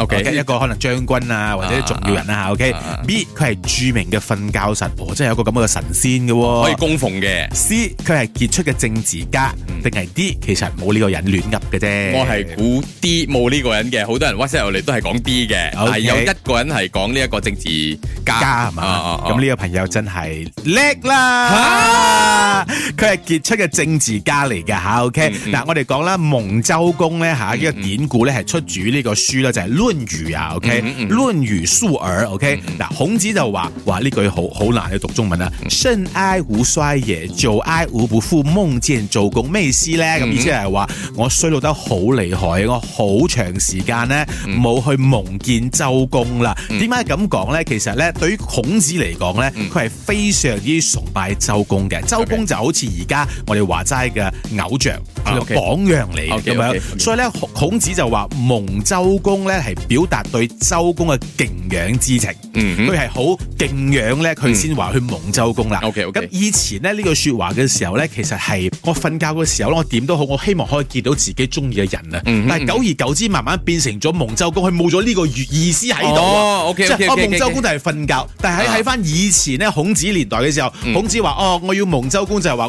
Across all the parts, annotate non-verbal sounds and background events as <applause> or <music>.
O Okay , K，一個可能將軍啊，或者重要人啊，O K。B 佢係著名嘅瞓覺神婆，真係有個咁樣嘅神仙嘅、啊，可以供奉嘅。C 佢係傑出嘅政治家，定係、uh, 是 D, D？其實冇呢個人亂噏嘅啫。我係估 D 冇呢個人嘅，好多人 WhatsApp 入嚟都係講 D 嘅，係有一個人係講呢一個政治家係嘛？咁呢個朋友真係叻啦。佢係傑出嘅政治家嚟嘅吓，OK 嗱、嗯，嗯、我哋講啦，蒙周公咧吓，呢個典故咧係出自呢個書啦，嗯嗯、就係《論語》啊，OK，、嗯《論、嗯、語·述而》，OK 嗱、嗯，嗯、孔子就話話呢句好好難去讀中文啦，甚、嗯、哀吾衰也，久哀吾不復夢見周公，咩意思咧？咁、嗯、意思係話我衰老得好厲害，我好長時間呢冇去夢見周公啦。點解咁講咧？其實咧，對於孔子嚟講咧，佢係非常之崇拜周公嘅，周公就好似。而家我哋話齋嘅偶像，Okay. 榜樣嚟嘅，咁樣，所以咧孔子就話蒙周公咧，係表達對周公嘅敬仰之情。佢係好敬仰咧，佢先話去蒙周公啦。咁、mm hmm. okay, okay. 以前咧呢句說話嘅時候咧，其實係我瞓覺嘅時候，我點都好，我希望可以見到自己中意嘅人啊。Mm hmm. 但係久而久之，慢慢變成咗蒙周公，佢冇咗呢個意思喺度。即係我蒙周公就係瞓覺，但係喺喺翻以前咧孔子年代嘅時候，mm hmm. 孔子話，哦，我要蒙周公，就係話。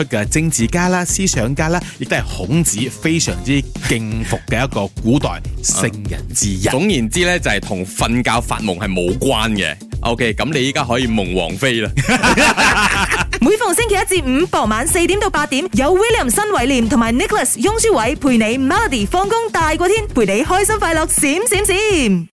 嘅政治家啦、思想家啦，亦都係孔子非常之敬服嘅一個古代聖 <laughs> 人之一。總言之咧，就係同瞓覺發夢係冇關嘅。OK，咁你依家可以夢王妃啦。 <laughs> 每逢星期一至五，傍晚四點到八點，有 William 新偉廉同埋 Nicholas 雍舒偉陪你，Melody 放工大過天，陪你開心快樂閃閃閃，閃閃閃。